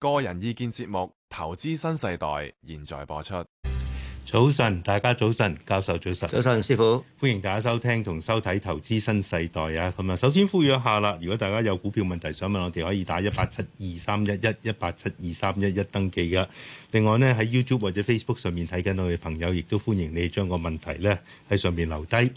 個人意見節目《投資新世代》現在播出。早晨，大家早晨，教授早晨，早晨，師傅，歡迎大家收聽同收睇《投資新世代》啊！咁啊，首先呼籲一下啦，如果大家有股票問題想問，我哋可以打一八七二三一一一八七二三一一登記㗎。另外呢，喺 YouTube 或者 Facebook 上面睇緊我哋朋友，亦都歡迎你將個問題呢喺上面留低。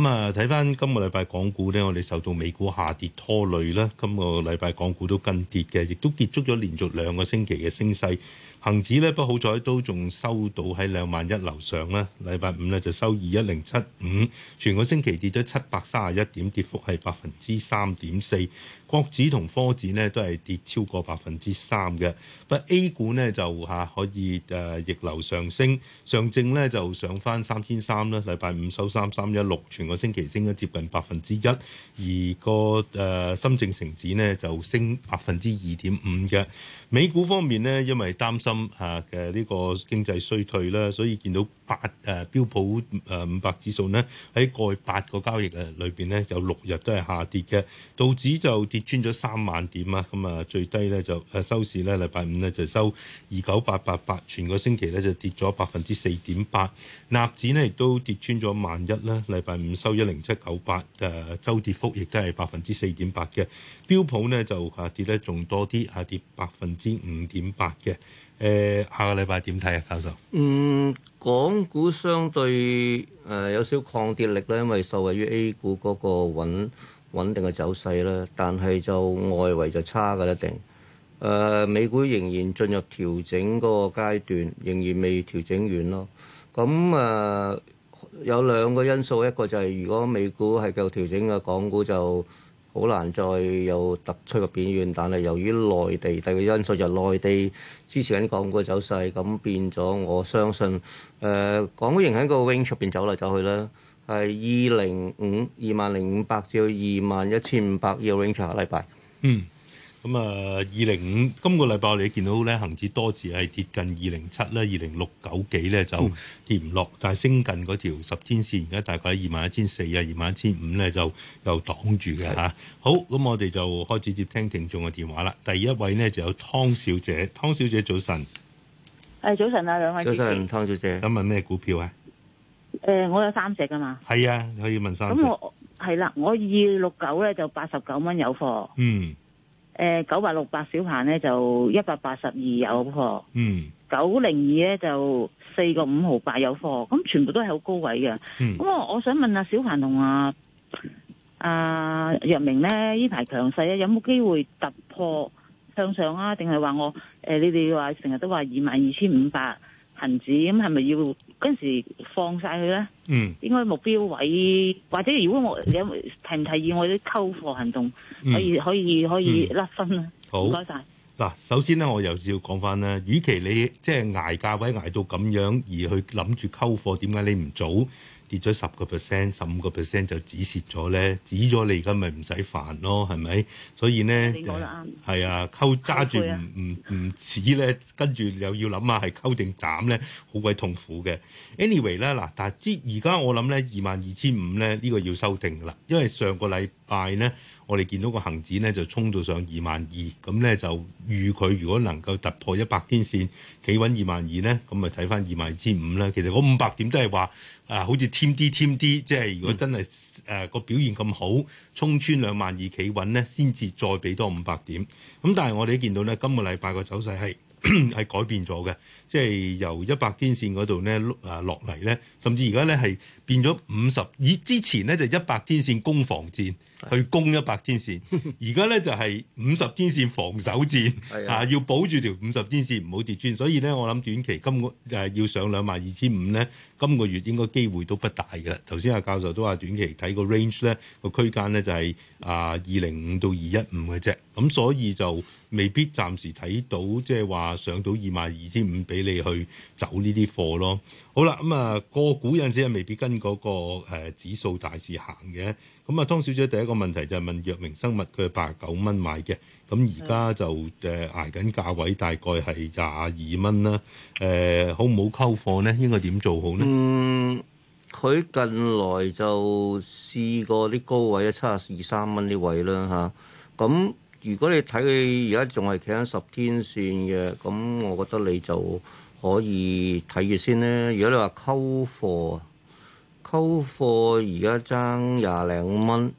咁啊，睇翻今個禮拜港股呢，我哋受到美股下跌拖累啦。今個禮拜港股都跟跌嘅，亦都結束咗連續兩個星期嘅升勢。恒指呢，不過好彩都仲收到喺兩萬一樓上啦。禮拜五呢，就收二一零七五，全個星期跌咗七百三十一點，跌幅係百分之三點四。國指同科指呢，都係跌超過百分之三嘅。不過 A 股呢，就嚇可以誒逆流上升，上證呢，就上翻三千三啦。禮拜五收三三一六，全個星期升咗接近百分之一，而、嗰個誒、呃、深證成指呢就升百分之二點五嘅。美股方面呢，因為擔心啊嘅呢個經濟衰退啦，所以見到八誒、啊、標普誒五百指數呢，喺過去八個交易誒裏邊呢，有六日都係下跌嘅，道指就跌穿咗三萬點啊，咁啊最低咧就誒收市咧，禮拜五咧就收二九八八八，全個星期咧就跌咗百分之四點八，納指呢，亦都跌穿咗萬一啦，禮拜五收一零七九八，誒周跌幅亦都係百分之四點八嘅，標普呢，就下跌咧仲多啲，下跌百分至五點八嘅，誒下個禮拜點睇啊，教授？嗯，港股相對誒、呃、有少少抗跌力啦，因為受惠於 A 股嗰個穩穩定嘅走勢啦，但係就外圍就差嘅一定。誒、呃、美股仍然進入調整嗰個階段，仍然未調整完咯。咁、呃、誒有兩個因素，一個就係、是、如果美股係夠調整嘅，港股就，好難再有突出嘅表現，但係由於內地第二個因素就內地支持緊港股嘅走勢，咁變咗我相信，誒、呃，港股仍然喺個 range 入邊走嚟走去啦，係二零五二萬零五百至到二萬一千五百嘅 range，下禮拜。嗯。咁啊，二零五今個禮拜你見到咧，恒指多次係跌近二零七啦，二零六九幾咧就跌唔落，嗯、但係升近嗰條十天綫，而家大概二萬一千四啊，二萬一千五咧就又擋住嘅吓。是好，咁我哋就開始接聽聽眾嘅電話啦。第一位呢就有湯小姐，湯小姐早晨。誒，早晨啊，兩位早晨，湯小姐想問咩股票啊？誒、呃，我有三隻噶嘛。係啊，可以問三隻。咁我係啦，我二六九咧就八十九蚊有貨。嗯。誒，九百六百小鵬咧就一百八十二有貨，嗯，九零二咧就四個五毫八有貨，咁全部都係好高位嘅。咁、嗯、我，我想問阿、啊、小鵬同阿阿若明咧，呢排強勢咧有冇機會突破向上啊？定係話我誒、呃，你哋話成日都話二萬二千五百？恒指咁係咪要嗰時放晒佢咧？嗯，應該目標位或者如果我有提唔提議我啲溝貨行動可以可以可以甩分啊？嗯、謝謝好，唔該晒！嗱，首先咧，我又要講翻咧，與其你即係、就是、捱價位捱到咁樣而去諗住溝貨，點解你唔早？跌咗十個 percent，十五個 percent 就止蝕咗咧，止咗你而家咪唔使煩咯，係咪？所以咧，你講得啱係啊，啊，溝揸住唔唔唔止咧，跟住又要諗下係溝定斬咧，好鬼痛苦嘅。anyway 咧、啊、嗱，但係而家我諗咧二萬二千五咧呢, 22，呢、呢個要收定㗎啦，因為上個禮拜咧我哋見到個恆指咧就衝到上二萬二，咁咧就預佢如果能夠突破一百天線企穩二萬二咧，咁咪睇翻二萬二千五啦。其實嗰五百點都係話。啊，好似添啲添啲，即係如果真係誒、呃、個表現咁好，衝穿兩萬二企穩咧，先至再俾多五百點。咁、嗯、但係我哋見到咧，今個禮拜個走勢係係改變咗嘅，即係由一百天線嗰度咧誒落嚟咧，甚至而家咧係變咗五十。以之前咧就一、是、百天線攻防戰，去攻一百天線，而家咧就係五十天線防守戰，啊要保住條五十天線唔好跌穿。所以咧，我諗短期今個誒、呃、要上兩萬二千五咧，今個月應該。機會都不大嘅啦。頭先阿教授都話，短期睇個 range 咧，個區間咧就係啊二零五到二一五嘅啫。咁所以就未必暫時睇到，即係話上到二萬二千五俾你去走呢啲貨咯。好啦，咁、那、啊個股有陣時又未必跟嗰個誒指數大市行嘅。咁啊湯小姐第一個問題就係問藥明生物，佢係八九蚊買嘅，咁而家就誒挨緊價，價位，大概係廿二蚊啦。誒、呃，好唔好溝貨呢？應該點做好呢？嗯。佢近來就試過啲高位，位啊，七十二三蚊啲位啦嚇。咁如果你睇佢而家仲係企緊十天線嘅，咁我覺得你就可以睇住先啦。如果你話溝貨，溝貨而家爭廿零蚊，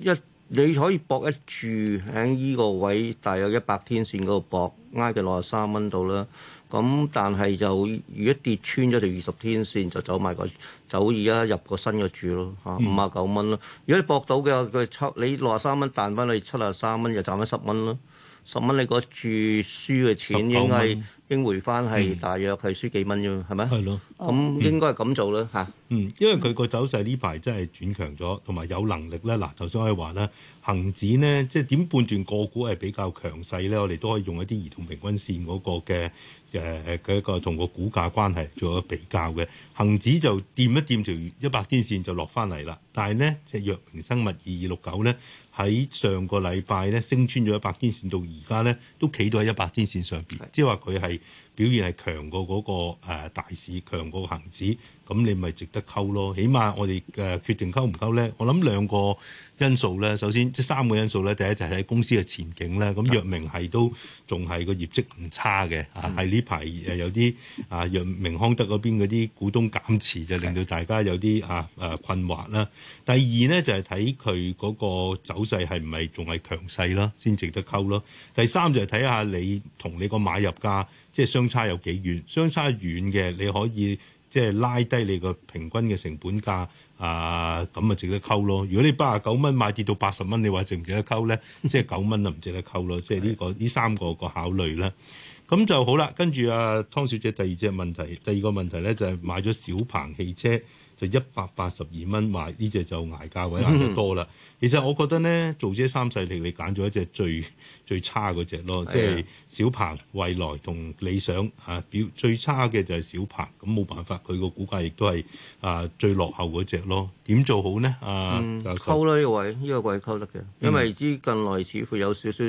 一你可以博一注喺依個位大約一百天線嗰度博。挨近六十三蚊度啦，咁但係就如果跌穿咗條二十天線，就走埋個走，而家入個新嘅注咯，嚇五啊九蚊咯。如果你搏到嘅話佢七，你六十三蚊彈翻去七啊三蚊，就賺翻十蚊咯。十蚊你個注輸嘅錢應該元應回翻係、嗯、大約係輸幾蚊啫嘛，係咪？係咯的，咁應該係咁做啦吓，嗯，啊、因為佢個走勢呢排真係轉強咗，同埋有能力咧。嗱，頭先我哋話咧，恒指咧即係點判斷個股係比較強勢咧，我哋都可以用一啲移動平均線嗰個嘅誒嘅一個同個股價關係做比較嘅。恒指就掂一掂條一百天線就落翻嚟啦，但係咧隻藥明生物二二六九咧。喺上個禮拜咧升穿咗一百天線，到而家咧都企到喺一百天線上邊，即係話佢係，.表現係強過嗰個大市，強過個恆指，咁你咪值得溝咯。起碼我哋嘅決定溝唔溝呢。我諗兩個因素咧。首先，即三個因素咧。第一就係、是、睇公司嘅前景咧。咁藥明係都仲係個業績唔差嘅，係呢排誒有啲啊藥明康德嗰邊嗰啲股東減持，就令到大家有啲啊啊困惑啦。的第二呢，就係睇佢嗰個走勢係唔係仲係強勢啦，先值得溝咯。第三就係、是、睇下你同你個買入價。即係相差有幾遠？相差遠嘅，你可以即係拉低你個平均嘅成本價啊，咁、呃、啊值得溝咯。如果你八十九蚊買跌到八十蚊，你話值唔值得溝咧？即係九蚊就唔值得溝咯。即係呢、呢個呢的三個個考慮啦。咁就好啦。跟住啊湯小姐第二隻問題，第二個問題咧就係、是、買咗小鵬汽車。一百八十二蚊買呢隻就捱價位捱得多啦。嗯、其實我覺得呢，做這三勢力，你揀咗一隻最最差嗰隻咯，的即係小鵬、未來同理想嚇、啊、表最差嘅就係小鵬。咁冇辦法，佢個股價亦都係啊最落後嗰隻咯。點做好呢？啊，溝啦呢個位，呢、呢個位溝得嘅，因為之近來似乎有少少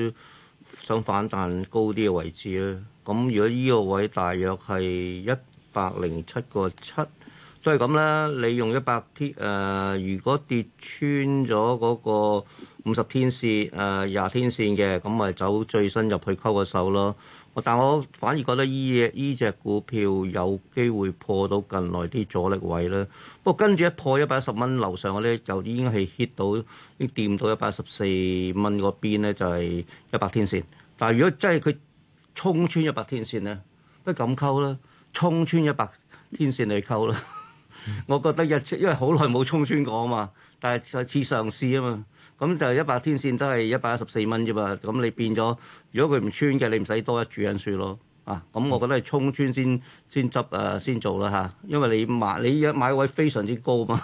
想反彈高啲嘅位置啦。咁如果呢個位大約係一百零七個七。即係咁啦，你用一百天誒、呃，如果跌穿咗嗰個五十天線誒、廿、呃、天線嘅，咁咪走最新入去溝個手咯。但我反而覺得依隻依隻股票有機會破到近來啲阻力位啦。不過跟住一破一百一十蚊樓上咧，就已經係 hit 到掂到一百十四蚊嗰邊咧，就係一百天線。但係如果真係佢衝穿一百天線咧，不如咁溝啦，衝穿一百天線去溝啦。 我覺得日出因為好耐冇衝穿過啊嘛，但係似上次啊嘛，咁、嗯嗯、就一百天線都係一百一十四蚊啫嘛，咁你變咗，如果佢唔穿嘅，你唔使多一注因素咯，啊，咁我覺得係衝穿先先執誒先做啦嚇，因為你買你一買位非常之高嘛，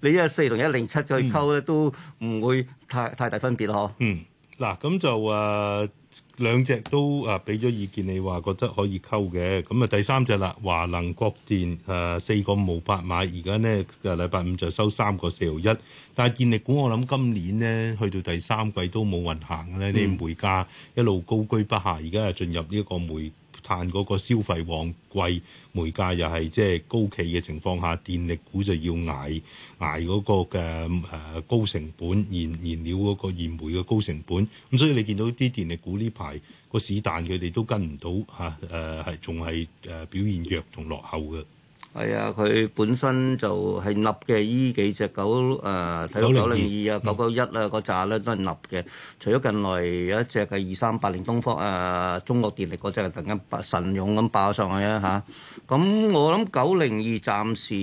你一四同一零七去溝咧都唔會太太大分別咯嗯，嗱，咁就誒。兩隻都啊俾咗意見，你話覺得可以溝嘅，咁啊第三隻啦，華能國電啊四個五百買，而家呢啊禮拜五就收三個四毫一，但係電力股我諗今年呢去到第三季都冇運行嘅咧，啲、嗯、煤價一路高居不下，而家又進入呢一個煤。趁嗰個消費旺季，煤價又係即係高企嘅情況下，電力股就要捱捱嗰個嘅誒高成本，燃燃料嗰個燃煤嘅高成本。咁所以你見到啲電力股呢排個市彈，佢哋都跟唔到吓，誒係仲係誒表現弱同落後嘅。係啊，佢本身就係立嘅依幾隻狗誒，睇到九零二啊、九九一啊嗰紮咧都係立嘅。除咗近來有一隻係二三八零東方啊、呃，中國電力嗰隻係突然間神勇咁爆上去啊吓，咁我諗九零二暫時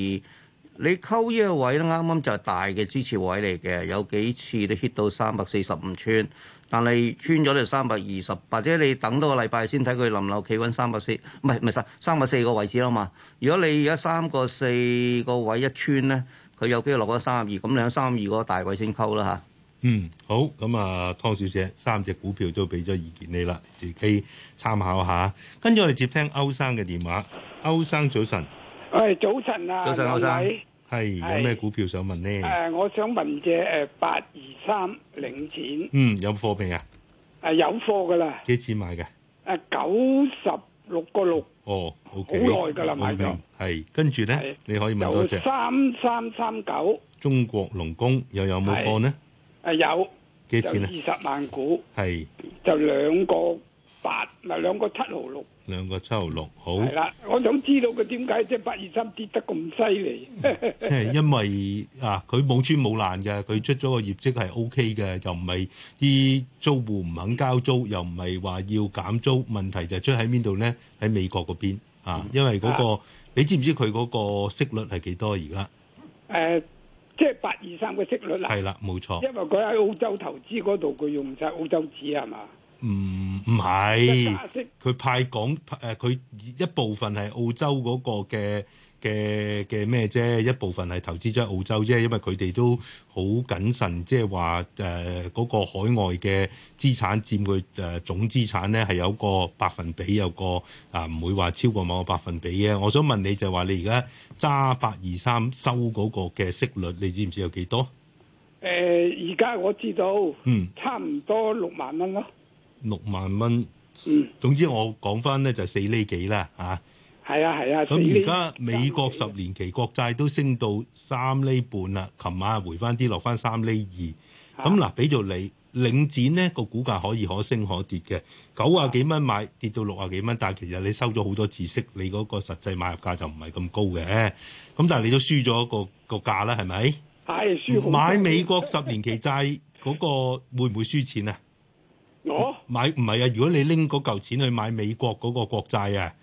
你溝呢個位都啱啱就係大嘅支持位嚟嘅，有幾次都 hit 到三百四十五寸。但係穿咗你三百二十，或者你等多個禮拜先睇佢冧唔冧，企穩三百四，唔係唔係三三百四個位置啦嘛。如果你而家三個四個位一穿咧，佢有機會落翻三十二，咁你喺三十二個大位先溝啦吓，嗯，好，咁啊，湯小姐三隻股票都俾咗意見你啦，你自己參考下。跟住我哋接聽歐生嘅電話。歐生早晨。誒，早晨啊，早晨歐生。係有咩股票想問呢？誒，我想問隻誒八二三領展。嗯，有貨未啊？誒，有貨噶啦。幾錢買嘅？誒，九十六個六。哦，好耐噶啦，買咗。係，跟住咧，你可以問多隻。有三三三九。中國龍工又有冇貨呢？誒，有。幾錢啊？二十萬股。係。就兩個。八嗱，兩個七毫六，兩個七毫六好。係啦，我想知道佢點解即係八二三跌得咁犀利？係因為啊，佢冇穿冇爛嘅，佢出咗個業績係 OK 嘅，又唔係啲租戶唔肯交租，又唔係話要減租。問題就出喺邊度咧？喺美國嗰邊啊，因為嗰個你知唔知佢嗰個息率係幾多而家？誒，即係八二三嘅息率係啦，冇錯。因為佢喺澳洲投資嗰度，佢用曬澳洲紙係嘛？唔唔係，佢、嗯、派港誒佢、啊、一部分係澳洲嗰個嘅嘅嘅咩啫，一部分係投資咗澳洲啫，因為佢哋都好謹慎，即係話誒嗰個海外嘅資產佔佢誒、呃、總資產咧係有一個百分比，有個啊唔會話超過某個百分比嘅。我想問你就係話、是、你而家揸八二三收嗰個嘅息率，你知唔知有幾多？誒、呃，而家我知道，嗯，差唔多六萬蚊咯。六萬蚊，嗯、總之我講翻咧就四、係、厘幾啦嚇。係啊係啊。咁而家美國十年期國債都升到三厘半啦，琴晚回翻啲落翻三厘二。咁嗱、啊，俾咗你領展呢個股價可以可升可跌嘅，九啊幾蚊買，跌到六啊幾蚊，但係其實你收咗好多知識，你嗰個實際買入價就唔係咁高嘅。咁但係你都輸咗、嗰個、嗰個價啦，係咪？係、啊、輸紅。買美國十年期債嗰、嗰個、 個會唔會輸錢啊？我買唔係啊！如果你拎嗰嚿錢去買美國嗰個國債啊，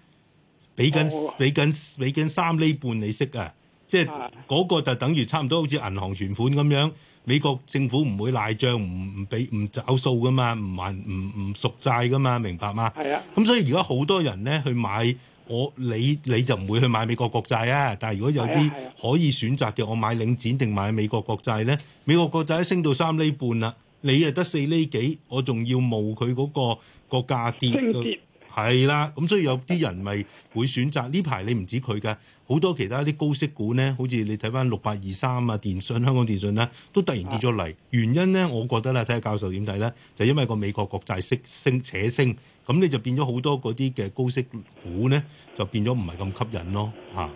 俾緊俾緊俾緊三厘半利息啊！即係嗰、啊、個就等於差唔多好似銀行存款咁樣。美國政府唔會賴帳，唔唔俾唔找數噶嘛，唔還唔唔熟債噶嘛，明白嘛？係啊！咁、嗯、所以而家好多人咧去買我你你就唔會去買美國國債啊！但係如果有啲可以選擇嘅，我買領展定買美國國債咧？美國國債升到三厘半啦。你又得四厘幾，我仲要冒佢嗰、那個個價跌，係啦跌。咁所以有啲人咪會選擇呢排。你唔止佢噶，好多其他啲高息股咧，好似你睇翻六八二三啊，電信、香港電信啦、啊，都突然跌咗嚟。啊、原因咧，我覺得啦，睇下教授點睇啦，就是、因為個美國國債息升且升，咁你就變咗好多嗰啲嘅高息股咧，就變咗唔係咁吸引咯。嚇、啊，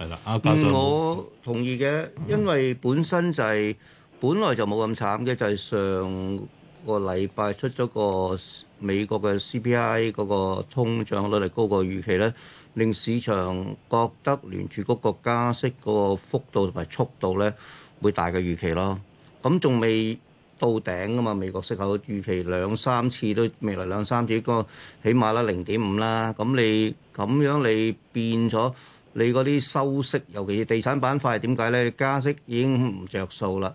係啦、啊，阿教授、嗯，我同意嘅，因為本身就係、是。本來就冇咁慘嘅，就係上個禮拜出咗個美國嘅 CPI 嗰個通脹率嚟高過預期咧，令市場覺得聯儲嗰個加息嗰個幅度同埋速度咧會大嘅預期咯。咁仲未到頂啊嘛？美國息口預期兩三次都未來兩三次，個起碼啦零點五啦。咁你咁樣你變咗你嗰啲收息，尤其地產板塊係點解咧？加息已經唔著數啦。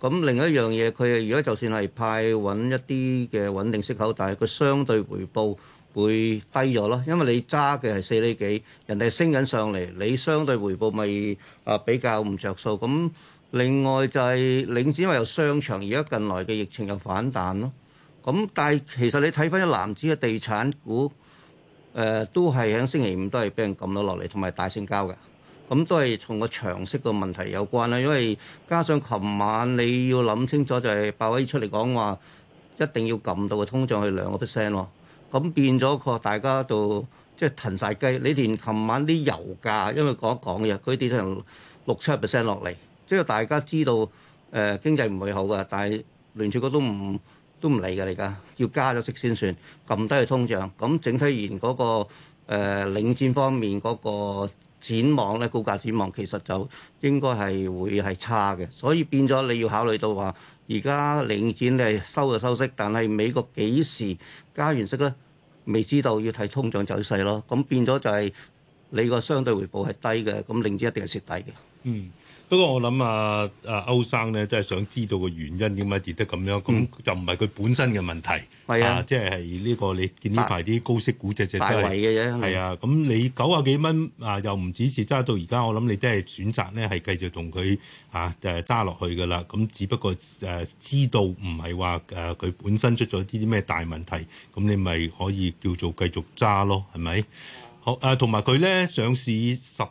咁另一樣嘢，佢係如果就算係派穩一啲嘅穩定息口，但係佢相對回報會低咗咯，因為你揸嘅係四釐幾，人哋升緊上嚟，你相對回報咪啊比較唔著數。咁另外就係領展，因為有商場，而家近來嘅疫情又反彈咯。咁但係其實你睇翻一籃子嘅地產股，誒都係喺星期五都係畀人撳到落嚟，同埋大成交嘅。咁、嗯、都係從個長息個問題有關啦，因為加上琴晚你要諗清楚就係鮑威出嚟講話，一定要撳到個通脹去兩個 percent 咯。咁、哦、變咗個大家度，即係騰晒雞。你連琴晚啲油價，因為講一講嘅，佢跌成六七 percent 落嚟，即係大家知道誒、呃、經濟唔會好噶，但係聯儲局都唔都唔理噶，而家要加咗息先算撳低個通脹。咁整體而嗰、那個誒、呃、領展方面嗰、那個。展望咧，高價展望其實就應該係會係差嘅，所以變咗你要考慮到話，而家領展你收就收息，但係美國幾時加完息咧，未知道要睇通脹走勢咯。咁變咗就係你個相對回報係低嘅，咁領展一定係蝕底嘅。嗯。不過我諗啊，阿、啊、歐生咧都係想知道個原因，點解跌得咁樣，咁就唔係佢本身嘅問題，嗯、啊，即係呢個你見呢排啲高息股隻隻都係大圍嘅啫，係啊，咁你九啊幾蚊啊又唔止是揸到而家，我諗你即係選擇咧係繼續同佢啊誒揸落去噶啦，咁只不過誒知道唔係話誒佢本身出咗啲啲咩大問題，咁你咪可以叫做繼續揸咯，係咪？好誒，同埋佢咧上市十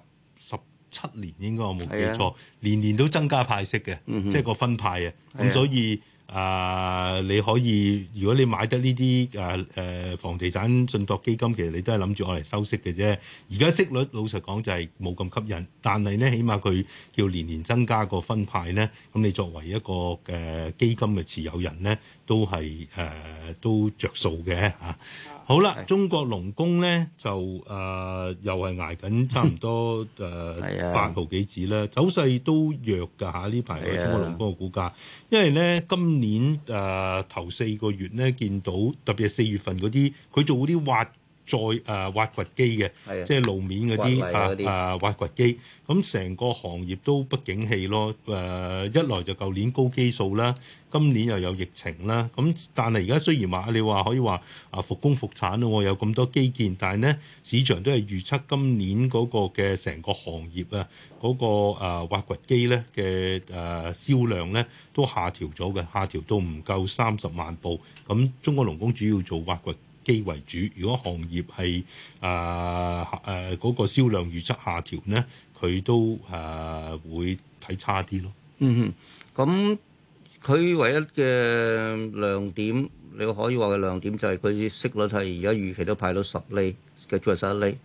七年應該我冇記錯，啊、年年都增加派息嘅，嗯、哼即係個分派啊。咁所以啊，你可以如果你買得呢啲誒誒房地產信託基金，其實你都係諗住我嚟收息嘅啫。而家息率老實講就係冇咁吸引，但係咧起碼佢叫年年增加個分派咧，咁你作為一個誒、呃、基金嘅持有人咧，都係誒、呃、都着數嘅啊。好啦，中國龍工咧就誒、呃、又係捱緊差唔多誒八毫幾子啦，走勢都弱㗎嚇，呢排中國龍工嘅股價，因為咧今年誒、呃、頭四個月咧見到特別係四月份嗰啲佢做嗰啲挖。再誒挖掘機嘅，即係路面嗰啲啊啊挖掘機，咁成個行業都不景氣咯。誒一來就舊年高基數啦，今年又有疫情啦。咁但係而家雖然話你話可以話啊復工復產咯，有咁多基建，但係咧市場都係預測今年嗰個嘅成個行業啊嗰個誒挖掘機咧嘅誒銷量咧都下調咗嘅，下調到唔夠三十萬部。咁中國龍工主要做挖掘。機為主，如果行業係誒誒嗰個銷量預測下調咧，佢都誒、啊、會睇差啲咯。嗯哼，咁佢唯一嘅亮點，你可以話嘅亮點就係佢息率係而家預期都排到十厘，即係十一厘。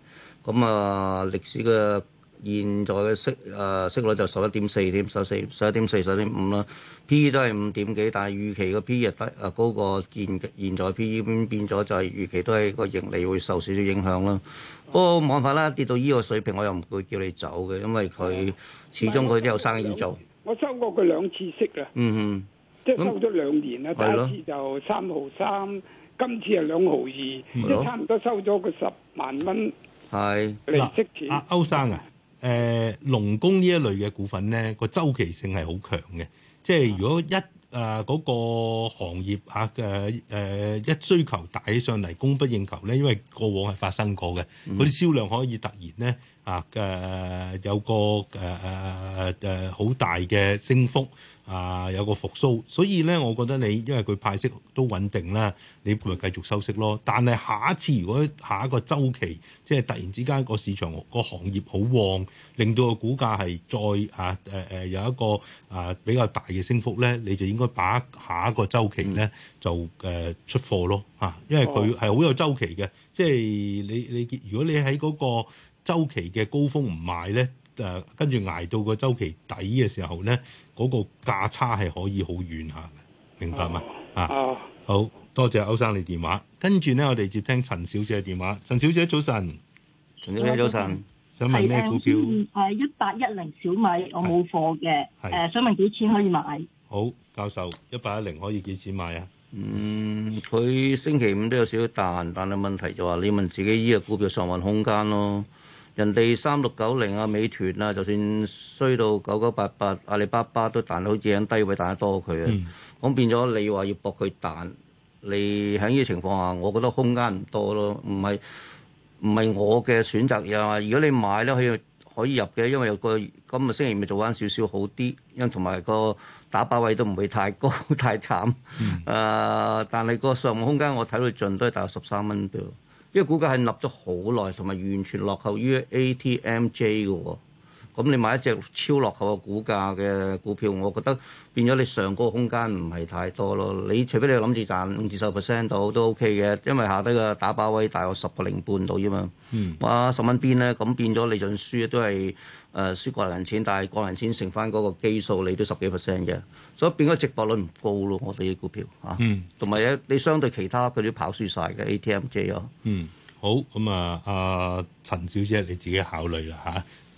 咁啊，歷史嘅。現在嘅息誒、呃、息率就十一點四點，十一十一點四十一點五啦。P E 都係五點幾，但係預期嘅 P E 低啊高過現現在 P E 變咗就係預期都係個盈利會受少少影響啦。嗯、不過冇辦法啦，跌到依個水平，我又唔會叫你走嘅，因為佢始終佢都有生意做。我收過佢兩次息啊，嗯嗯哼，即係收咗兩年啦。那第一次就三毫三，今次係兩毫二，即差唔多收咗佢十萬蚊利息錢。的歐生啊！誒、呃、農工呢一類嘅股份咧，個周期性係好強嘅。即係如果一誒嗰、呃那個行業啊嘅誒一需求大起上嚟，供不應求咧，因為過往係發生過嘅，嗰啲銷量可以突然咧啊誒有個誒誒誒好大嘅升幅。啊，有個復甦，所以咧，我覺得你因為佢派息都穩定啦，你咪繼續收息咯。但係下一次如果下一個週期，即係突然之間個市場、個行業好旺，令到個股價係再啊誒誒、呃呃、有一個啊比較大嘅升幅咧，你就應該把下一個週期咧就誒、呃、出貨咯嚇，因為佢係好有週期嘅，即係你你，你如果你喺嗰個週期嘅高峰唔賣咧。誒跟住捱到個週期底嘅時候咧，嗰個價差係可以好遠下嘅，明白嗎？啊，啊，好多謝歐生你電話。跟住咧，我哋接聽陳小姐嘅電話。陳小姐早晨，陳小姐早晨，想問咩是股票？誒一八一零小米，我冇貨嘅，誒想問幾錢可以買？好，教授一八一零可以幾錢買啊？嗯，佢星期五都有少少彈，但係問題就話你問自己依個股票上行空間咯。人哋三六九零啊、美團啊，就算衰到九九八八，阿里巴巴都彈到好似喺低位彈得多佢啊！咁、嗯、變咗你話要搏佢彈，你喺呢個情況下，我覺得空間唔多咯。唔係唔係我嘅選擇又係，如果你買咧可以可以入嘅，因為有個今日星期二咪做翻少少好啲，因同埋個打板位都唔會太高太慘啊、嗯呃！但係個上落空間我睇到盡都係大約十三蚊。因為估價係立咗好耐，同埋完全落後於 ATMJ 嘅喎。咁你買一隻超落後嘅股價嘅股票，我覺得變咗你上個空間唔係太多咯。你除非你諗住賺五至十 percent 到都 OK 嘅，因為下低嘅打靶位大概十個零半度啫嘛。哇、啊，十蚊邊咧，咁變咗，你就算輸都係誒輸個人錢，但係個人錢乘翻嗰個基數，你都十幾 percent 嘅，所以變咗值博率唔高咯。我哋啲股票嚇，同、啊、埋、嗯、你相對其他佢都跑輸晒嘅 A T M J 咯。嗯，好咁啊，阿、呃、陳小姐你自己考慮啦嚇。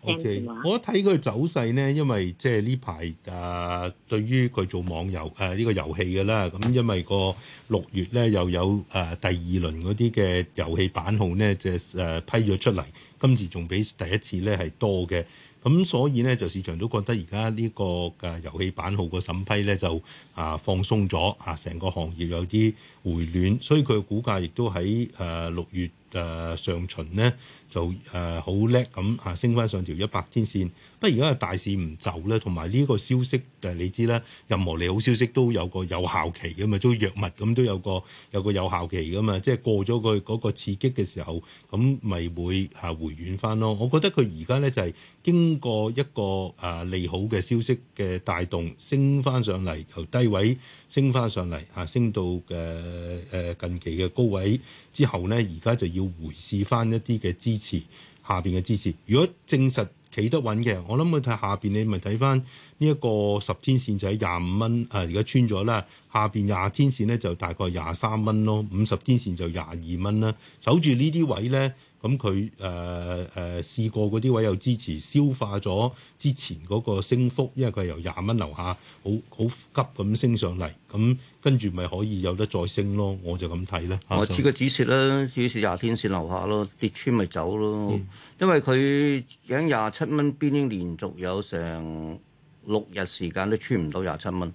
O.K. 我睇佢走勢呢，因為即係呢排誒，對於佢做網、呃這個、遊誒呢個遊戲嘅啦，咁、嗯、因為個六月呢，又有誒、呃、第二輪嗰啲嘅遊戲版號呢，即係誒批咗出嚟，今次仲比第一次呢係多嘅。咁、嗯、所以呢，就市場都覺得而家呢個嘅遊戲版號個審批呢，就啊、呃、放鬆咗啊，成個行業有啲回暖，所以佢嘅股價亦都喺誒六月誒上旬呢。就誒好叻咁嚇，呃、升翻上條一百天線。不過而家係大市唔就咧，同埋呢個消息誒，你知啦，任何利好消息都有個有效期㗎嘛，都藥物咁都有個有個有效期㗎嘛。即係過咗佢嗰個刺激嘅時候，咁咪會嚇回軟翻咯。我覺得佢而家咧就係、是、經過一個誒、呃、利好嘅消息嘅帶動，升翻上嚟由低位升翻上嚟嚇、啊，升到誒誒、呃、近期嘅高位之後咧，而家就要回試翻一啲嘅資。下邊嘅支持，如果證實企得穩嘅，我諗佢睇下邊，你咪睇翻呢一個十天線就喺廿五蚊，誒而家穿咗啦，下邊廿天線咧就大概廿三蚊咯，五十天線就廿二蚊啦，守住呢啲位咧。咁佢誒誒試過嗰啲位有支持，消化咗之前嗰個升幅。因為佢係由廿蚊樓下，好好急咁升上嚟，咁、嗯、跟住咪可以有得再升咯。我就咁睇咧。我設個止蝕啦，止蝕廿天線樓下咯，跌穿咪走咯。嗯、因為佢喺廿七蚊邊連續有成六日時間都穿唔到廿七蚊。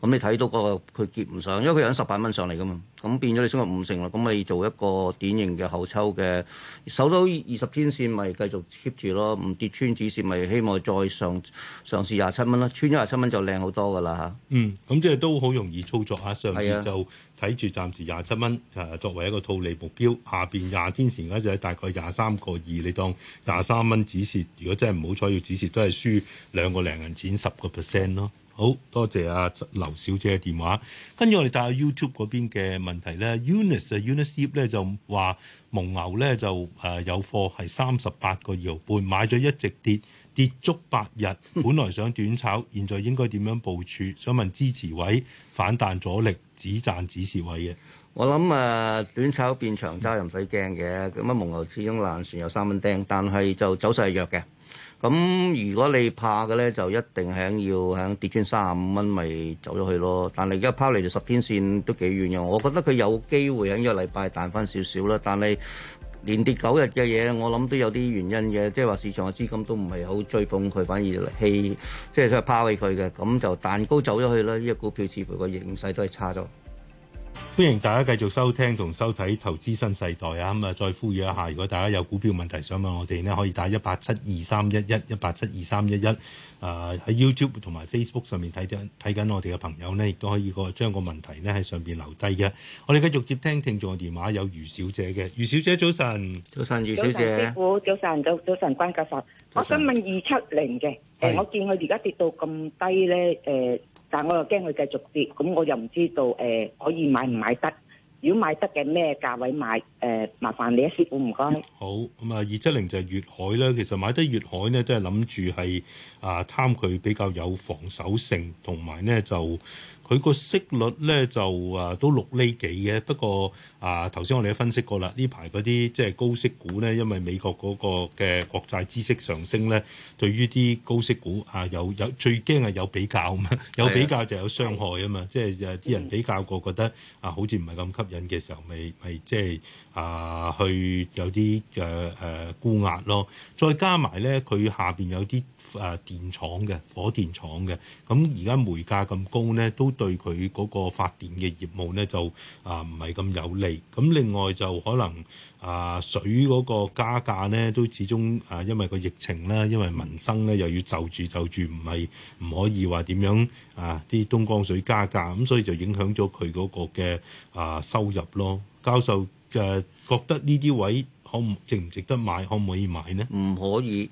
咁你睇到個佢結唔上，因為佢有由十八蚊上嚟噶嘛，咁變咗你升咗五成啦，咁你做一個典型嘅後抽嘅守到二十天線，咪繼續 keep 住咯，唔跌穿止蝕咪希望再上上試廿七蚊啦，穿咗廿七蚊就靚好多㗎啦吓，嗯，咁即係都好容易操作啊，上邊就睇住暫時廿七蚊作為一個套利目標，下邊廿天線咧就係大概廿三個二，你當廿三蚊止蝕，如果真係唔好彩要止蝕都係輸兩個零銀錢，十個 percent 咯。好多謝阿、啊、劉小姐嘅電話，跟住我哋帶下 YouTube 嗰邊嘅問題咧。Unis 啊，Unisip 咧就話蒙牛咧就誒、呃、有貨係三十八個二毫半，買咗一直跌跌足八日，本來想短炒，現在應該點樣部署？想問支持位反彈阻力止賺止蝕位嘅。我諗啊、呃，短炒變長揸又唔使驚嘅。咁啊、嗯，蒙牛始終爛船有三蚊釘，但係就走勢弱嘅。咁如果你怕嘅咧，就一定係要響跌穿三十五蚊咪走咗去咯。但係而家拋離十天線都幾遠嘅，我覺得佢有機會喺呢個禮拜彈翻少少啦。但係連跌九日嘅嘢，我諗都有啲原因嘅，即係話市場嘅資金都唔係好追捧佢，反而氣即係都係拋棄佢嘅，咁、就是、就蛋糕走咗去啦。呢個股票似乎個形勢都係差咗。歡迎大家繼續收聽同收睇《投資新世代》啊！咁啊，再呼籲一下，如果大家有股票問題想問我哋咧，可以打一八七二三一一一八七二三一一。啊，喺 YouTube 同埋 Facebook 上面睇緊睇緊我哋嘅朋友呢，亦都可以個將個問題呢喺上邊留低嘅。我哋繼續接聽聽眾嘅電話，有余小姐嘅。余小姐早晨，早晨余小姐。師傅，早晨，早晨早晨關教授，我想問二七零嘅，是我見佢而家跌到咁低呢。誒、呃。但我又驚佢繼續跌，咁我又唔知道，誒、呃，可以買唔買得？如果買得嘅咩價位買？誒、呃，麻煩你啊，師傅唔該。好，咁、嗯、啊，二七零就係粵海啦。其實買得粵海咧，都係諗住係啊，貪佢比較有防守性，同埋咧就。佢個息率咧就啊都六厘幾嘅，不過啊頭先我哋分析過啦，呢排嗰啲即係高息股咧，因為美國嗰個嘅國債孳息上升咧，對於啲高息股啊有有最驚係有比較啊嘛，有比較就有傷害啊嘛，啊即係啲、啊、人比較過覺得啊好似唔係咁吸引嘅時候，咪咪即係啊去有啲誒誒沽壓咯，再加埋咧佢下邊有啲。誒電廠嘅火電廠嘅，咁而家煤價咁高呢，都對佢嗰個發電嘅業務呢，就啊唔係咁有利。咁另外就可能啊水嗰個加價呢，都始終啊因為個疫情啦，因為民生呢，又要就住就住，唔係唔可以話點樣啊啲東江水加價，咁所以就影響咗佢嗰個嘅啊收入咯。教授誒覺得呢啲位可唔值唔值得買，可唔可以買呢？唔可以。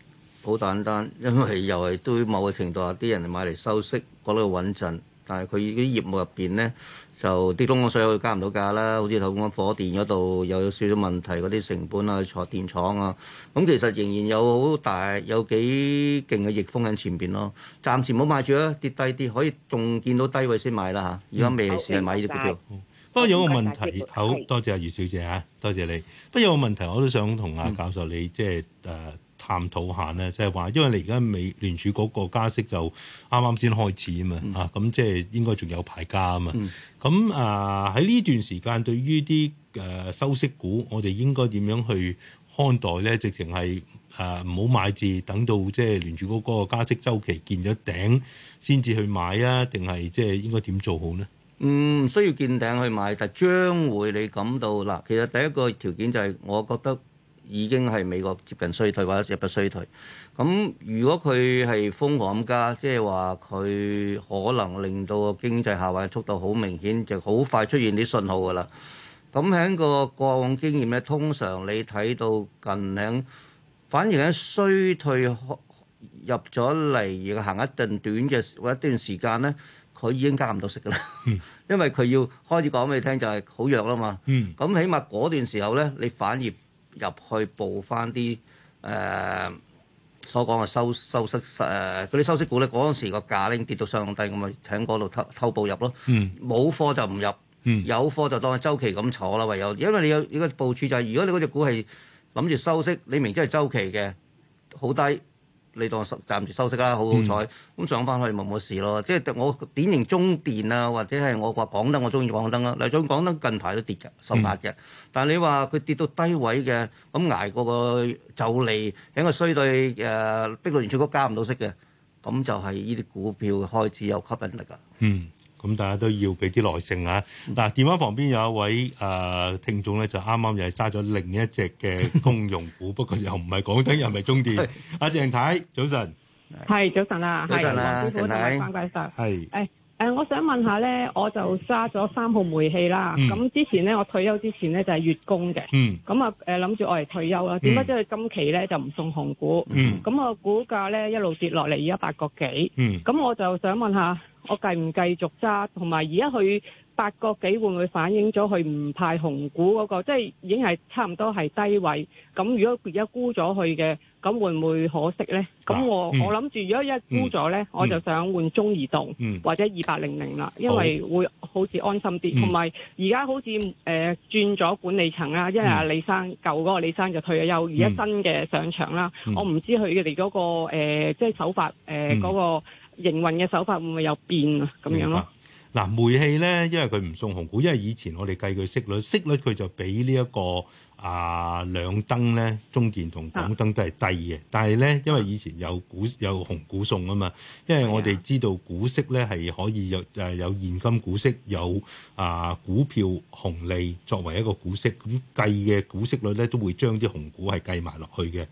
好簡單，因為又係都某個程度啊，啲人買嚟收息，講得穩陣。但係佢啲業務入邊咧，就啲東江水佢加唔到價啦。好似頭先講火電嗰度，有，有少少問題，嗰啲成本啊、坐電廠啊，咁其實仍然有好大、有幾勁嘅逆風喺前邊咯。暫時唔好買住啦，跌低啲可以仲見到低位先買啦嚇。而家未試係買呢啲股票。不過、嗯、有個問題，好多謝阿余小姐嚇，多謝你。不過有個問題，我都想同阿教授你即係誒。嗯探討下咧，即係話，因為你而家美聯儲嗰個加息就啱啱先開始啊嘛，嚇咁即係應該仲有排加啊嘛。咁啊喺呢段時間，對於啲誒收息股，我哋應該點樣去看待咧？直情係誒唔好買住，等到即係聯儲嗰個加息周期見咗頂，先至去買啊？定係即係應該點做好呢？嗯，需要見頂去買，但將會你感到嗱，其實第一個條件就係我覺得。已經係美國接近衰退或者入咗衰退，咁如果佢係瘋狂咁加，即係話佢可能令到經濟下滑嘅速度好明顯，就好快出現啲信號㗎啦。咁喺個過往經驗咧，通常你睇到近年，反而喺衰退入咗嚟行一段短嘅或一段時間咧，佢已經加唔到息㗎啦，因為佢要開始講俾你聽就係好弱啦嘛。咁起碼嗰段時候咧，你反而入去報翻啲誒所講嘅收收息誒啲、呃、收息股咧，嗰陣時個價已經跌到上低，咁咪請嗰度偷偷步入咯。冇、嗯、貨就唔入，有貨就當係週期咁坐啦。唯有因為你有你、呢個部署就係、是，如果你嗰隻股係諗住收息，你明知係週期嘅好低。你當暫時收息啦，好好彩。咁、嗯、上翻去冇乜事咯。即係我典型中電啊，或者係我話港燈，我中意港燈啦。嗱，再港燈近排都跌嘅，受壓嘅。嗯、但係你話佢跌到低位嘅，咁捱過個就嚟，喺個衰退誒逼到完全都加唔到息嘅，咁就係呢啲股票開始有吸引力啊。嗯。咁大家都要俾啲耐性啊！嗱，電話旁邊有一位誒聽眾咧，就啱啱又係揸咗另一隻嘅公用股，不過又唔係港燈，又唔係中電。阿鄭太，早晨，係早晨啦，早晨啦，聽聽。係誒誒，我想問下咧，我就揸咗三號煤氣啦。咁之前咧，我退休之前咧就係月供嘅。嗯。咁啊誒，諗住我嚟退休啦。點解即係今期咧就唔送紅股？嗯。咁個股價咧一路跌落嚟，而家八個幾。嗯。咁我就想問下。我繼唔繼續揸，同埋而家佢八個幾會唔會反映咗佢唔派紅股嗰、那個，即係已經係差唔多係低位。咁如果而家沽咗佢嘅，咁會唔會可惜呢？咁我、嗯、我諗住如果一沽咗呢，嗯、我就想換中移動、嗯、或者二八零零啦，因為會好似安心啲。同埋而家好似的誒、呃、轉咗管理層啦，因為阿、啊、李生舊嗰個李生就退咗休，而家新嘅上場啦，嗯、我唔知佢哋嗰個即係手法誒嗰個。呃營運嘅手法會唔會有變啊？咁樣咯。嗱，煤氣呢，因為佢唔送紅股，因為以前我哋計佢息率，息率佢就比呢、這、一個啊兩燈呢，中電同港燈都係低嘅。啊、但係呢，因為以前有股有紅股送啊嘛，因為我哋知道股息呢係可以有誒有現金股息，有啊股票紅利作為一個股息，咁計嘅股息率呢，都會將啲紅股係計埋落去嘅。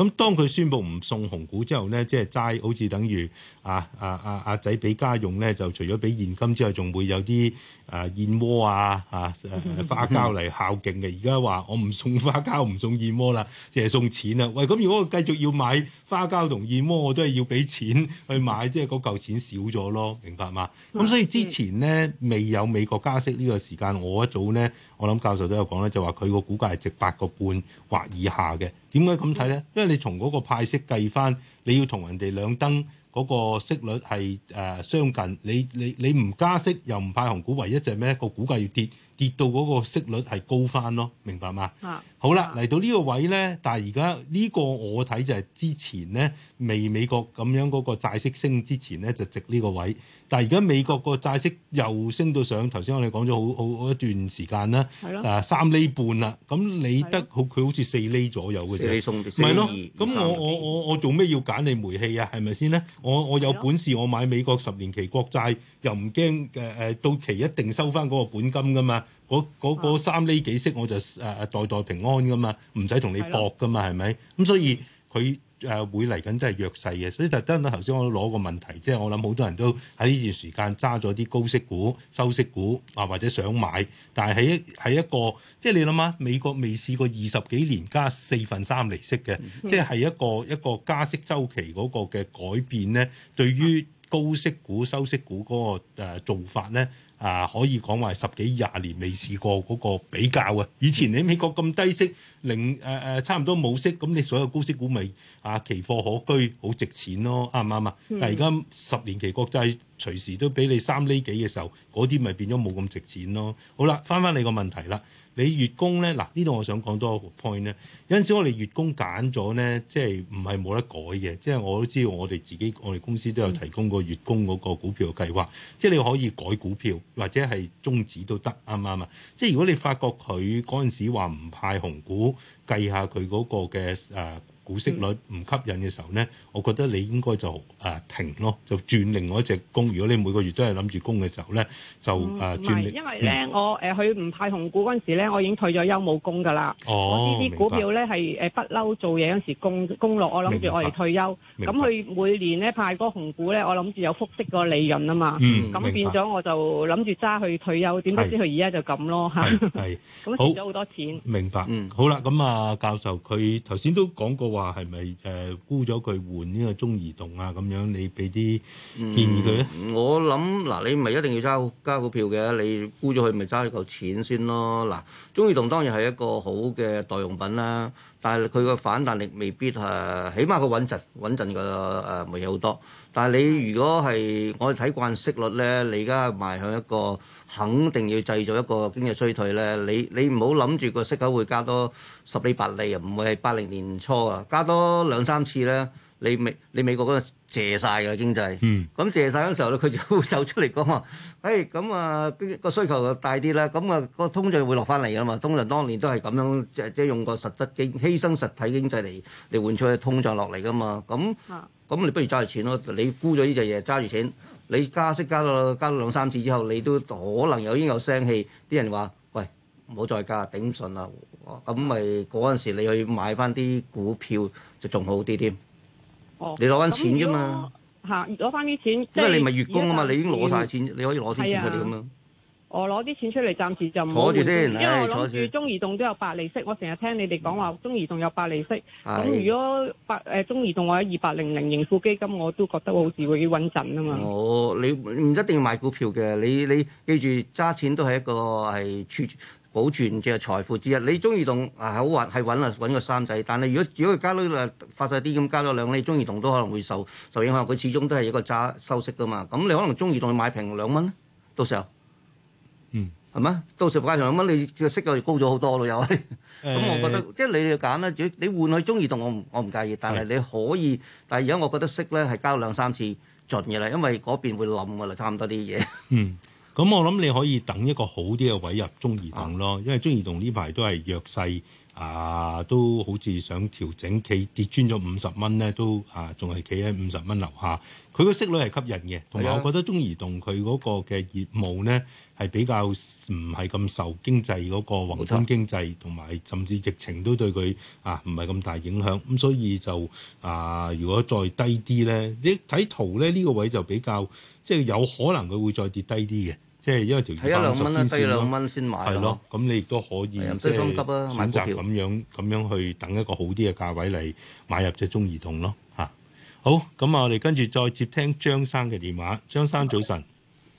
咁當佢宣布唔送紅股之後咧，即係齋好似等於啊啊啊阿、啊、仔俾家用咧，就除咗俾現金之外，仲會有啲啊燕窩啊啊花膠嚟孝敬嘅。而家話我唔送花膠，唔送燕窩啦，淨係送錢啦。喂，咁如果我繼續要買花膠同燕窩，我都係要俾錢去買，即係嗰嚿錢少咗咯，明白嘛？咁所以之前咧未有美國加息呢個時間，我一早咧。我諗教授都有講咧，就話佢個股價係值八個半或以下嘅。點解咁睇咧？因為你從嗰個派息計翻，你要同人哋兩登嗰、嗰個息率係誒、呃、相近。你你你唔加息又唔派紅股，唯一就係咩？個股價要跌。跌到嗰個息率係高翻咯，明白嗎？啊，好啦，嚟到呢個位咧，但係而家呢個我睇就係之前咧未美國咁樣嗰個債息升之前咧就值呢個位，但係而家美國個債息又升到上頭先我哋講咗好好，好一段時間啦，係咯的，啊三厘半啦，咁你得的好佢好似四厘左右嘅啫，唔係咯，咁的我 4, 2, 3，我我我做咩要揀你煤氣啊？係咪先咧？我我有本事我買美國十年期國債又唔驚誒誒到期一定收翻嗰個本金噶嘛？嗰嗰三厘幾息我就誒代代平安㗎嘛，唔使同你搏㗎嘛，係咪？咁的、嗯、所以佢誒、呃、會嚟緊都係弱勢嘅，所以就等等頭先我都攞個問題，即、就、係、是、我諗好多人都喺呢段時間揸咗啲高息股、收息股啊，或者想買，但係係係一個即係、就是、你諗下，美國未試過二十幾年加四分三厘息嘅，即係係一個一個加息周期嗰個嘅改變咧，對於高息股、收息股嗰、那個、呃、做法咧。啊，可以講話十幾廿年未試過嗰個比較啊！以前你美國咁低息，零誒誒、呃、差唔多冇息，咁你所有高息股咪啊奇貨可居，好值錢咯，啱唔啱啊？嗯、但係而家十年期國債隨時都俾你三厘幾嘅時候，嗰啲咪變咗冇咁值錢咯。好啦，翻翻你個問題啦。你月供咧，嗱呢度我想講多個 point 咧。有陣時我哋月供揀咗咧，即係唔係冇得改嘅。即係我都知道我，我哋自己我哋公司都有提供個月供嗰個股票嘅計劃。嗯、即係你可以改股票或者係終止都得，啱唔啱啊？即係如果你發覺佢嗰陣時話唔派紅股，計下佢嗰個嘅誒。Uh, 股息率唔吸引嘅時候咧，我覺得你應該就誒停咯，就轉另外一隻供。如果你每個月都係諗住供嘅時候咧，就誒轉。係，因為咧我誒佢唔派紅股嗰陣時咧，我已經退咗休冇工噶啦。哦，我呢啲股票咧係誒不嬲做嘢嗰陣時供供落，我諗住我哋退休。明白，咁佢每年咧派嗰個紅股咧，我諗住有複息個利潤啊嘛。嗯，咁變咗我就諗住揸去退休。係，點不知佢而家就咁咯吓。係，咁蝕咗好多錢。明白。嗯，好啦，咁啊教授佢頭先都講過話。話係咪誒沽咗佢換呢個中移動啊？咁樣你俾啲建議佢咧？我諗嗱，你唔係一定要揸揸股票嘅，你沽咗佢咪揸一嚿錢先咯。嗱，中移動當然係一個好嘅代用品啦，但係佢個反彈力未必係，起碼佢穩陣穩陣嘅誒未有好多。但係你如果係我哋睇慣息率咧，你而家賣向一個。肯定要製造一個經濟衰退咧，你你唔好諗住個息口會加多十釐八釐啊，唔會係八零年初啊，加多兩三次咧，你美你美國嗰個借曬嘅經濟，咁、嗯、借晒嗰陣時候咧，佢就會走出嚟講話，誒、哎、咁啊個需求又大啲啦，咁啊個通脹會落翻嚟㗎嘛，通常當年都係咁樣即即用個實質經犧牲實體經濟嚟嚟換取個通脹落嚟㗎嘛，咁咁、嗯、你不如揸住錢咯，你沽咗呢隻嘢揸住錢。你加息加到加到兩三次之後，你都可能有已經有聲氣。啲人話：喂，唔好再加，頂唔順啦。咁咪嗰陣時你去買翻啲股票就仲好啲添。哦，你攞翻錢㗎嘛，嚇，攞翻啲錢。就是、因為你咪月供啊嘛，你已經攞晒錢，果你可以攞啲錢、啊、錢出嚟。咁樣。我攞啲錢出嚟，暫時就唔攞住先，因為我諗住中移動都有八厘息。我成日聽你哋講話，中移動有八厘息咁。如果八誒中移動或者二八零零盈富基金，我都覺得好似會穩陣啊嘛。哦，你唔一定要買股票嘅，你你記住揸錢都係一個係儲保存即係財富之一。你中移動係好穩係穩啊，穩個三仔。但係如果如果佢加到發曬啲咁，加咗兩你中移動都可能會受受影響。佢始終都係一個揸收息噶嘛。咁你可能中移動買平兩蚊，到時候。嗯，係咩？ 到時價場咁樣， 你個息就高咗好多咯，又 係、嗯 嗯。咁我覺得，即係你哋揀啦。你換佢中意度，我唔，我唔介意。但係你可以，但係而家我覺得息咧係交兩三次盡嘅啦，因為嗰邊會冧噶啦，差唔多啲嘢。嗯。 嗯 嗯咁、嗯、我諗你可以等一個好啲嘅位入中移動咯，啊、因為中移動呢排都係弱勢，啊都好似想調整，企跌穿咗五十蚊咧，都啊仲係企喺五十蚊樓下。佢個息率係吸引嘅，同埋我覺得中移動佢嗰個嘅業務咧係比較唔係咁受經濟嗰、嗰個宏觀經濟同埋甚至疫情都對佢啊唔係咁大影響。咁、嗯、所以就啊如果再低啲咧，你睇圖咧呢、呢個位就比較。即係有可能佢會再跌低啲嘅，即係因為條睇一兩蚊啦，低兩蚊先買咯。係咯，咁你亦都可以即係選擇咁樣咁、啊、樣去等一個好啲嘅價位嚟買入隻中移動咯嚇、啊。好，咁啊，我哋跟住再接聽張生嘅電話。張生早晨，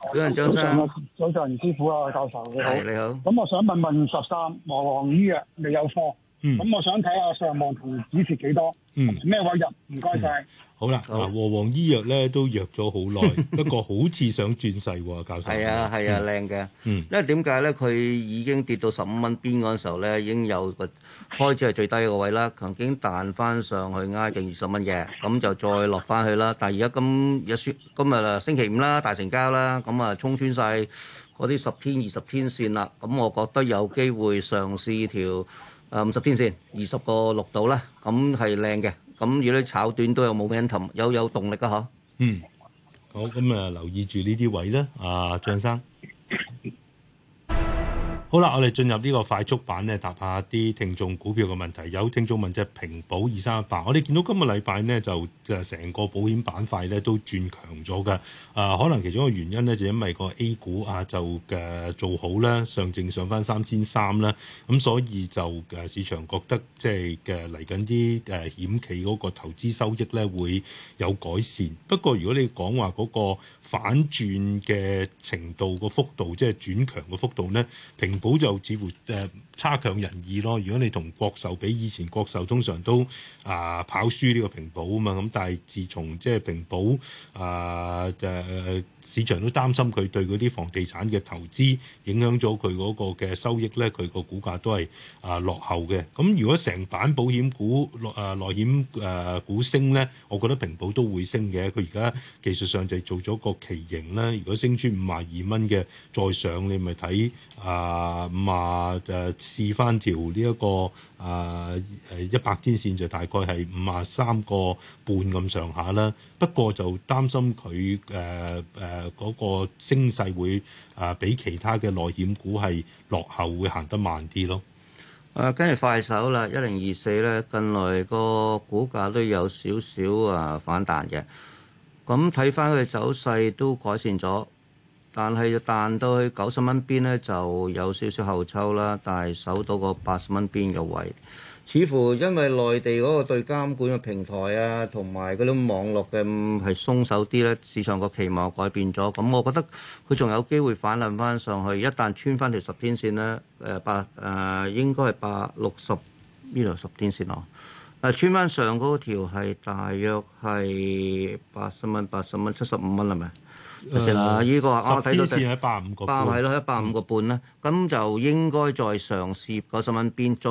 早晨，張生，早晨，師傅啊，教授你好，你好。咁我想問問十三望醫藥未有貨？嗯。咁我想睇下上望同支持幾多？嗯。咩位入？唔該曬。好啦，嗱、哦，和黃醫藥咧都弱咗好耐， 不過好似想轉勢喎、啊，教授。係啊，係啊，靚嘅、嗯。嗯。因為點解咧？佢已經跌到十五蚊邊嗰陣時候咧，已經有個開始係最低一個位啦。曾經彈翻上去挨近二十蚊嘅，咁就再落翻去啦。但係而家咁有雪，今日星期五啦，大成交啦，咁啊衝穿晒嗰啲十天、二十天線啦。咁我覺得有機會上試條五十、嗯、天線二十個六度啦，咁係靚嘅。咁如果你炒短都有冇咩引頭？有有動力啊嚇！嗯，好，咁啊，留意住呢啲位啦，阿張生。好啦，我哋進入呢個快速版咧，答，答下啲聽眾股票嘅問題。有聽眾問即係平保二三一八，我哋見到今個禮拜呢，就誒成個保險板塊咧都轉強咗㗎。誒，可能其中一個原因呢，就因為個 A 股啊就嘅做好啦，上證上翻三千三啦。咁所以就誒市場覺得即係嘅嚟緊啲誒險企嗰個投資收益咧會有改善。不過如果你講話嗰個反轉嘅程度、個幅度，即係轉強嘅幅度呢。平。保就似乎誒。 差強人意咯。如果你同國壽比，以前國壽通常都啊跑輸呢個平保啊嘛。咁但係自從即係平保啊嘅市場都擔心佢對嗰啲房地產嘅投資影響咗佢嗰個嘅收益咧，佢個股價都係啊落後嘅。咁、啊、如果成板保險股啊內險誒、啊、股升咧，我覺得平保都會升嘅。佢而家技術上就做咗個旗形啦。如果升穿五十二蚊嘅再上，你咪睇啊五十誒。50, 啊試翻條呢、這、一個啊誒一百天線就大概係五啊三個半咁上下啦，不過就擔心佢誒誒嗰個升勢會啊、呃、比其他嘅內險股係落後，會行得慢啲咯。誒、啊，跟住快手啦，一零二四咧，近來個股價都有少少啊反彈嘅，咁睇翻佢走勢都改善咗。但係彈到去九十蚊邊咧，就有少少後抽啦。但係守到個八十蚊邊嘅位，似乎因為內地嗰個對監管嘅平台啊，同埋嗰種網絡嘅係鬆手啲咧，市場個期望改變咗。咁我覺得佢仲有機會反彈翻上去。一旦穿翻條十天線咧，誒八誒應該係八六十呢度十天線囉。啊，穿翻上嗰條係大約係八十蚊，八十蚊七十五蚊係咪？啊！依、嗯這個啊，十天、嗯、線喺百五係咯，一百五個半咧，咁、嗯、就應該再嘗試九十蚊邊再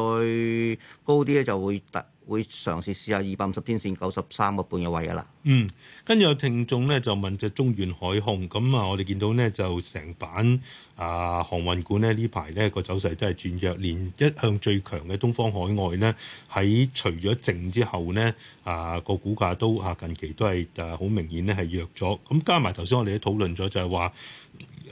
高啲咧，就會突會嘗試試下二百五十天線九十三個半嘅位啊啦。嗯，跟住有聽眾咧就問隻中遠海控，咁啊，我哋見到咧就成版啊航運股呢，呢排咧個走勢都係轉弱，連一向最強嘅東方海外咧喺除咗淨之後咧啊個股價都啊近期都係啊好明顯咧係弱咗，咁加埋頭先我哋都討論咗就係話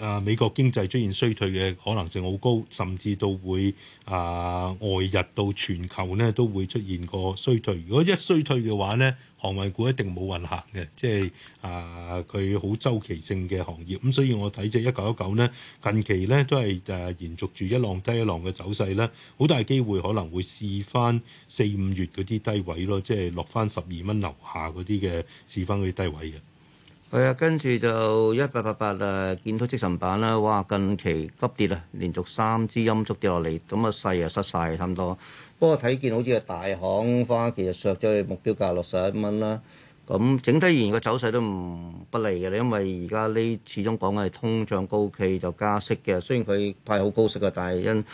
啊美國經濟出現衰退嘅可能性好高，甚至到會啊外溢到全球咧都會出現個衰退。如果一衰退嘅話咧，航運股一定冇運行嘅，即係啊，佢好周期性嘅行業，咁、嗯、所以我睇即一九一九咧，近期咧都係誒，延續住一浪低一浪嘅走勢啦。好大機會可能會試翻四五月嗰啲低位咯，即係落翻十二蚊樓下嗰啲嘅試翻嗰啲低位嘅。係對 140 啊，跟住就一八八八誒建滔積層板啦，哇！近期急跌啊，連續三支陰燭跌落嚟，咁啊勢啊失勢差唔多。 不過睇見好似係大行翻，其實削咗去目標價六十一蚊啦。咁整體而言個走勢都唔不利嘅咧，因為而家呢始終講緊係通脹高企就加息嘅，雖然佢派好高息嘅，但係因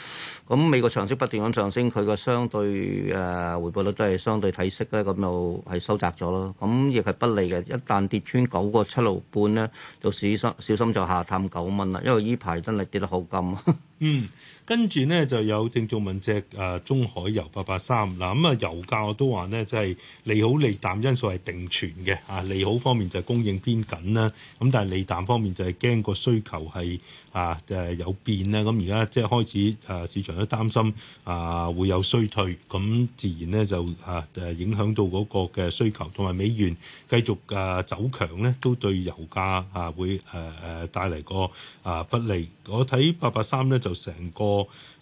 咁美國長息不斷咁上升，佢個相對誒、呃、回報率都係相對睇息咧，咁就係收窄咗咯。咁亦係不利嘅，一旦跌穿九個七毫半咧，就小心小心就下探九蚊啦。因為依排真係跌得好急。 嗯。跟住咧就有正中文隻啊，中海油八八三嗱。咁啊油價我都話咧，即係利好利淡因素係並存嘅嚇，利好方面就係供應偏緊啦，咁但係利淡方面就係驚個需求係啊誒有變啦，咁而家即係開始誒市場都擔心啊會有衰退，咁自然咧就啊誒影響到嗰個嘅需求，同埋美元繼續誒走強咧，都對油價啊會誒誒帶嚟個啊不利。我睇八八三咧就成個。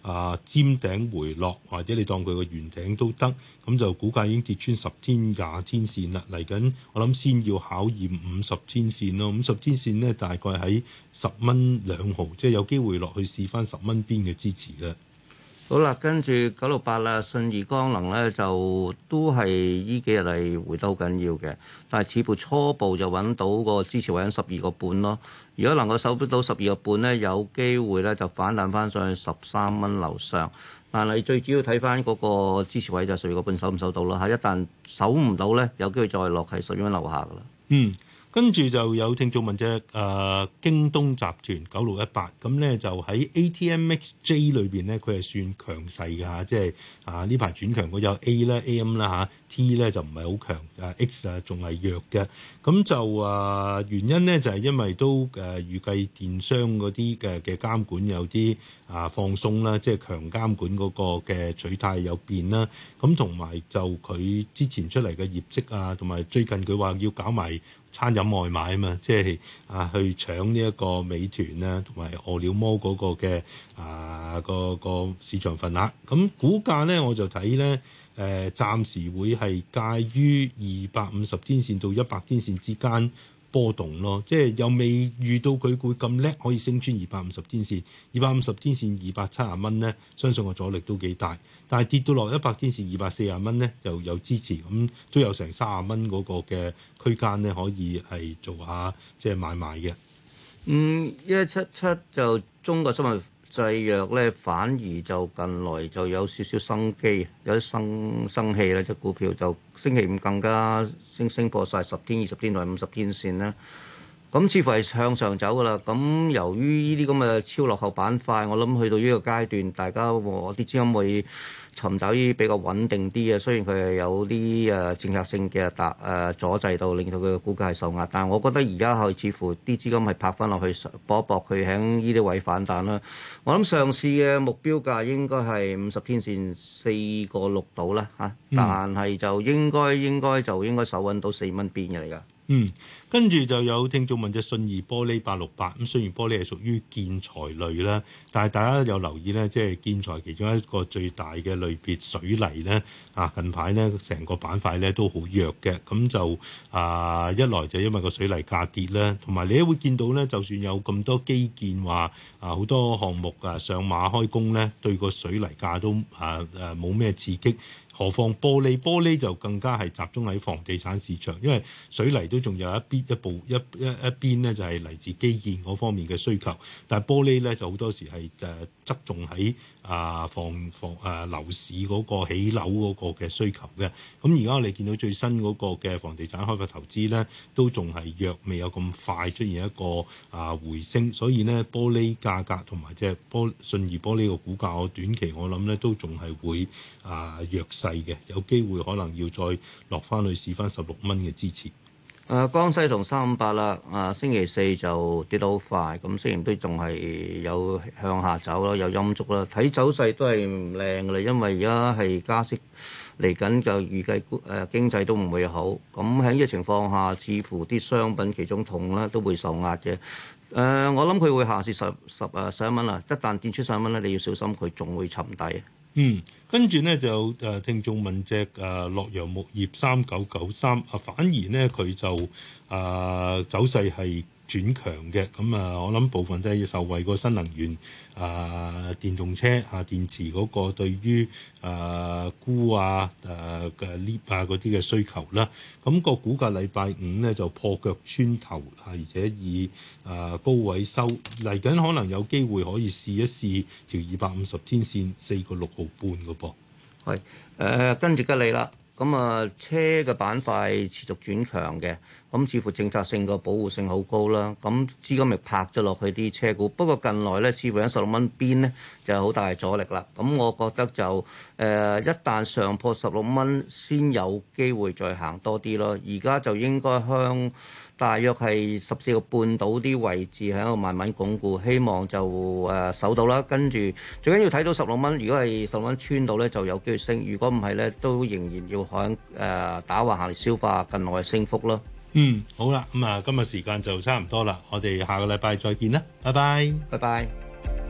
啊尖頂回落，或者你當佢個圓頂都得，咁就股價已經跌穿十天廿天線啦。嚟緊我諗先要考驗五十天線咯。五十天線呢，大概喺十蚊兩毫，即係有機會落去試翻十蚊邊嘅支持啦。好啦，跟住九六八啦，信義光能咧就都係依幾日嚟回得好緊要嘅，但係似乎初步就揾到個支持位喺十二個半咯。如果能夠守到十二個半咧，有機會咧就反彈翻上去十三蚊樓上。但係最主要睇翻嗰個支持位就係十二個半守唔守到咯嚇。一旦守唔到咧，有機會再落係十一蚊樓下噶啦。嗯。跟住就有聽眾問隻，誒、呃、京東集團九六一八咁咧，就喺 A T M X J 裏邊咧，佢係算強勢㗎，即係啊呢排轉強嗰隻 A 啦、A M 啦嚇 T 咧就唔係好強啊 X 啊仲係弱嘅咁就啊原因咧就係、是、因為都誒預計電商嗰啲嘅嘅監管有啲啊放鬆啦，即係強監管嗰個嘅取態有變啦。咁同埋就佢之前出嚟嘅業績啊，同埋最近佢話要搞埋。餐飲外賣啊嘛，即係啊去搶呢一個美團啦、啊，同埋餓了麼嗰個嘅啊個個市場份額咁、嗯、股價咧，我就睇咧誒，暫時會係介於二百五十天線到一百天線之間。波動咯，即係又未遇到佢會咁叻，可以升穿二百五十天線，二百五十天線二百七十蚊咧，相信個阻力都幾大。但係跌到落一百天線二百四十蚊咧，又有支持咁、嗯，都有成三十蚊嗰個嘅區間咧，可以係做下即係買賣嘅。嗯，一七七就中國新聞。製藥咧反而就近來就有少少生機，有啲生生氣啦，隻股票就星期五更加升升破曬十天、二十天內五十天線啦。咁似乎係向上走㗎啦。咁由於呢啲咁嘅超落後板塊，我諗去到呢個階段，大家攞啲資金去尋找啲比較穩定啲嘅。雖然佢係有啲誒、呃、政策性嘅打誒、呃、阻滯到，令到佢嘅股價係受壓。但係我覺得而家係似乎啲資金係拍翻落去搏一搏，佢喺呢啲位反彈啦。我諗上次嘅目標價應該係五十天線四個六度啦嚇，但係就應該應該就應該手穩到四蚊邊嘅嚟㗎。嗯，跟住就有聽眾問隻信義玻璃八六八，咁信義玻璃係屬於建材類啦，但係大家有留意咧，即係建材其中一個最大嘅類別水泥咧，啊近排呢，成個板塊咧都好弱嘅，咁就啊一來就因為個水泥價跌咧，同埋你會見到咧，就算有咁多基建話啊好多項目啊上馬開工咧，對個水泥價都啊啊冇咩刺激。何況玻璃，玻璃就更加係集中喺房地產市場，因為水泥都仲有一邊一步一一一邊咧就係嚟自基建嗰方面嘅需求，但係玻璃咧就好多時，係、呃、誒側重喺。啊，房房，房啊，樓市嗰個起樓嗰個嘅需求嘅，咁而家我哋見到最新嗰個嘅房地產開發投資咧，都仲係弱，未有咁快出現一個啊回升，所以咧玻璃價格同埋即係玻信義玻璃個股價個我短期我諗咧都仲係會啊弱勢嘅，有機會可能要再落翻去試翻十六蚊嘅支持。誒江西同三五八啦，誒、呃呃、星期四就跌到好快，咁雖然都仲係有向下走咯，有陰燭啦，睇走勢都係唔靚嘅啦。因為而家係加息嚟緊，就預計誒經濟都唔會好。咁喺呢個情況下，似乎啲商品其中銅咧都會受壓嘅。誒、呃，我諗佢會下試十十誒十,十一蚊啦。一旦跌出十一蚊咧，你要小心佢仲會沉底。嗯，跟住咧就誒、呃，聽眾問隻誒、啊，洛陽木業三九九三啊，反而咧佢就誒、啊、走勢係，轉強嘅，咁啊，我諗部分都係要受惠個新能源啊，電動車啊，電池嗰個對於啊鉬鈷啊、誒嘅鋰啊嗰啲嘅需求啦，咁個股價禮拜五咧就破腳穿頭啊，而且以啊高位收嚟緊，可能有機會可以試一試條二百五十天線四個六毫半嘅噃。係誒、呃，跟住吉利啦。咁啊，車嘅板塊持續轉強嘅，咁似乎政策性個保護性好高啦。咁資金咪拍咗落去啲車股，不過近來咧似乎喺十六蚊邊咧就好大阻力啦。咁我覺得就誒、呃，一旦上破十六蚊，先有機會再行多啲咯。而家就應該向大約係十四個半島啲位置喺度慢慢鞏固，希望就誒、呃、守到啦。跟住最緊要睇到十六蚊。如果係十六蚊穿到咧，就有機會升；如果唔係咧，都仍然要響誒、呃、打橫行嚟消化近來嘅升幅咯、嗯。嗯，好啦，咁啊，今日時間就差唔多啦，我哋下個禮拜再見啦，拜拜，拜拜。